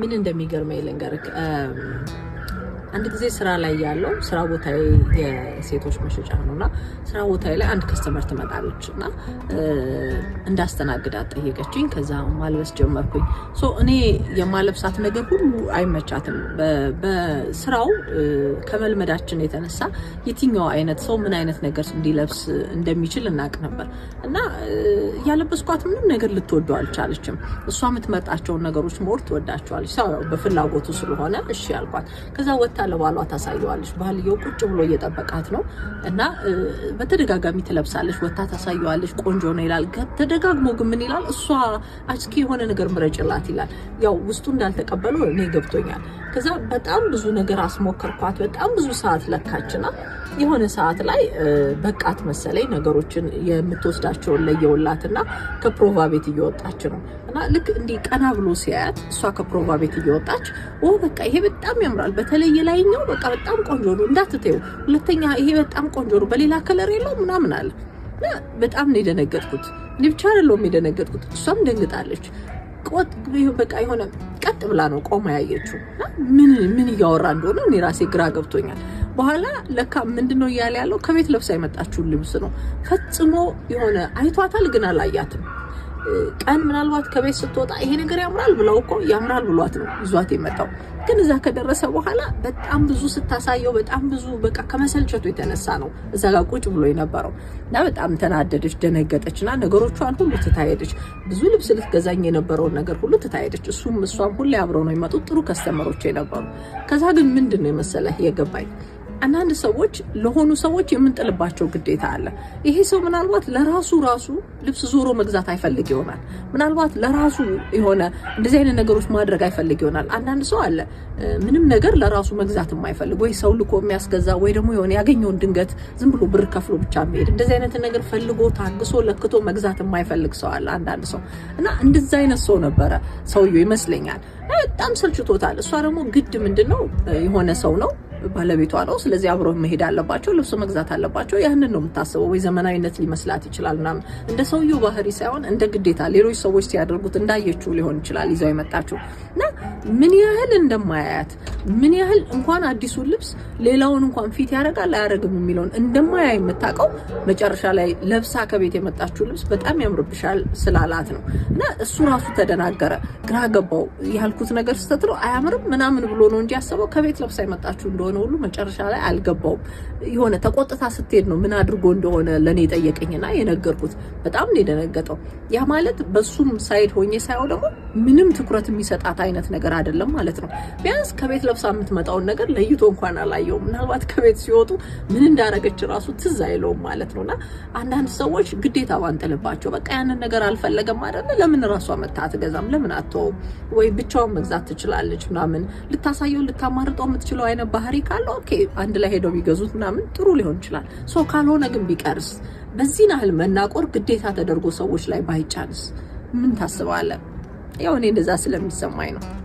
ምን እንደሚገርመኝ ልንገርህ አንድ ጊዜ ስራ ላይ ያለው ስራ ቦታ የሴቶች መሸጫ ነው እና ስራ ቦታ ላይ አንድ ከስተመር ትመጣለች እና እንዳስተናግዳት ጠየቀችኝ። ከዛ ማልበስ ጀመርኩኝ። ሶ እኔ የማለብሳት ነገር ሁሉ አይመቻትም። በስራው ከመልመዳችን የተነሳ የትኛው አይነት ሰው ምን አይነት ነገር እንዲለብስ እንደሚችል እናቅ ነበር እና ያለበስኳት ምንም ነገር ልትወዱ አልቻለችም። እሷ የምትመርጣቸውን ነገሮች ሞር ትወዳቸዋለች። በፍላጎቱ ስለሆነ እሺ ያልኳት ከዛ ፈታ ለባሏ ታሳየዋለች። ባልየው ቁጭ ብሎ እየጠበቃት ነው እና በተደጋጋሚ ትለብሳለች፣ ወታ ታሳየዋለች። ቆንጆ ነው ይላል። ተደጋግሞ ግን ምን ይላል? እሷ አስኪ የሆነ ነገር ምረጭላት ይላል። ያው ውስጡ እንዳልተቀበለው እኔ ገብቶኛል። ከዛ በጣም ብዙ ነገር አስሞከርኳት። በጣም ብዙ ሰዓት ለካችና የሆነ ሰዓት ላይ በቃት መሰለኝ ነገሮችን የምትወስዳቸውን ለየውላትና ከፕሮቫ ቤት እየወጣች ነው እና ልክ እንዲህ ቀና ብሎ ሲያያት እሷ ከፕሮቫ ቤት እየወጣች ኦ በቃ ይሄ በጣም ያምራል፣ በተለየ ላይኛው በቃ በጣም ቆንጆ ነው እንዳትተዩ፣ ሁለተኛ ይሄ በጣም ቆንጆ ነው፣ በሌላ ከለር የለው ምናምን አለ። በጣም ነው የደነገጥኩት። እኔ ብቻ አይደለሁም የደነገጥኩት፣ እሷም ደንግጣለች። ቆጥ በቃ የሆነ ቀጥ ብላ ነው ቆማ ያየችው። ምን ምን እያወራ እንደሆነ እኔ ራሴ ግራ ገብቶኛል። በኋላ ለካ ምንድነው እያለ ያለው ከቤት ለብሳ የመጣችውን ልብስ ነው። ፈጽሞ የሆነ አይቷታል ግን አላያትም። ቀን ምናልባት ከቤት ስትወጣ ይሄ ነገር ያምራል ብለው እኮ ያምራል ብሏት ነው ይዟት የመጣው። ግን እዛ ከደረሰ በኋላ በጣም ብዙ ስታሳየው በጣም ብዙ በቃ ከመሰልቸቱ የተነሳ ነው እዛ ጋር ቁጭ ብሎ የነበረው እና በጣም ተናደደች፣ ደነገጠች እና ነገሮቿን ሁሉ ትታየደች። ብዙ ልብስ ልትገዛኝ የነበረውን ነገር ሁሉ ትታየደች። እሱም እሷም ሁሌ አብረው ነው የመጡት፣ ጥሩ ከስተመሮች የነበሩ። ከዛ ግን ምንድን ነው የመሰለህ የገባኝ አንዳንድ ሰዎች ለሆኑ ሰዎች የምንጥልባቸው ግዴታ አለ። ይሄ ሰው ምናልባት ለራሱ ራሱ ልብስ ዞሮ መግዛት አይፈልግ ይሆናል። ምናልባት ለራሱ የሆነ እንደዚህ አይነት ነገሮች ማድረግ አይፈልግ ይሆናል። አንዳንድ ሰው አለ ምንም ነገር ለራሱ መግዛት የማይፈልግ ወይ ሰው ልኮ የሚያስገዛ ወይ ደግሞ የሆነ ያገኘውን ድንገት ዝም ብሎ ብር ከፍሎ ብቻ የሚሄድ እንደዚህ አይነት ነገር ፈልጎ ታግሶ ለክቶ መግዛት የማይፈልግ ሰው አለ አንዳንድ ሰው እና እንደዚህ አይነት ሰው ነበረ ሰውየው ይመስለኛል። በጣም ሰልችቶታል። እሷ ደግሞ ግድ ምንድን ነው የሆነ ሰው ነው ባለቤቷ ነው። ስለዚህ አብሮ መሄድ አለባቸው፣ ልብሱ መግዛት አለባቸው። ያንን ነው የምታስበው። ወይ ዘመናዊነት ሊመስላት ይችላል ምናምን። እንደ ሰውየው ባህሪ ሳይሆን እንደ ግዴታ ሌሎች ሰዎች ሲያደርጉት እንዳየችው ሊሆን ይችላል ይዘው የመጣችው እና ምን ያህል እንደማያያት ምን ያህል እንኳን አዲሱን ልብስ ሌላውን እንኳን ፊት ያደርጋል አያደርግም የሚለውን እንደማያ የምታውቀው መጨረሻ ላይ ለብሳ ከቤት የመጣችው ልብስ በጣም ያምርብሻል ስላላት ነው። እና እሱ ራሱ ተደናገረ፣ ግራ ገባው። ያልኩት ነገር ስህተት ነው አያምርም ምናምን ብሎ ነው እንጂ ያሰበው ከቤት ለብሳ የመጣችው እንደሆነ ሁሉ መጨረሻ ላይ አልገባውም። የሆነ ተቆጥታ ስትሄድ ነው ምን አድርጎ እንደሆነ ለእኔ የጠየቀኝና የነገርኩት። በጣም ነው የደነገጠው። ያ ማለት በሱም ሳይድ ሆኜ ሳየው ደግሞ ምንም ትኩረት የሚሰጣት አይነት ነገር አይደለም ማለት ነው። ቢያንስ ከቤት ለብሳ የምትመጣውን ነገር ለይቶ እንኳን አላየውም። ምናልባት ከቤት ሲወጡ ምን እንዳረገች ራሱ ትዝ አይለውም ማለት ነው። እና አንዳንድ ሰዎች ግዴታ ባንጥልባቸው፣ በቃ ያንን ነገር አልፈለገም አይደለ? ለምን ራሷ መታ አትገዛም? ለምን አትተውም? ወይ ብቻውን መግዛት ትችላለች ምናምን። ልታሳየው ልታማርጠው የምትችለው አይነት ባህሪ ካለ ኦኬ፣ አንድ ላይ ሄደው ቢገዙት ምናምን ጥሩ ሊሆን ይችላል። ሰው ካልሆነ ግን ቢቀርስ? በዚህን ያህል መናቆር ግዴታ ተደርጎ ሰዎች ላይ ባይጫንስ ምን ታስባለ? ያው እኔ እንደዛ ስለሚሰማኝ ነው።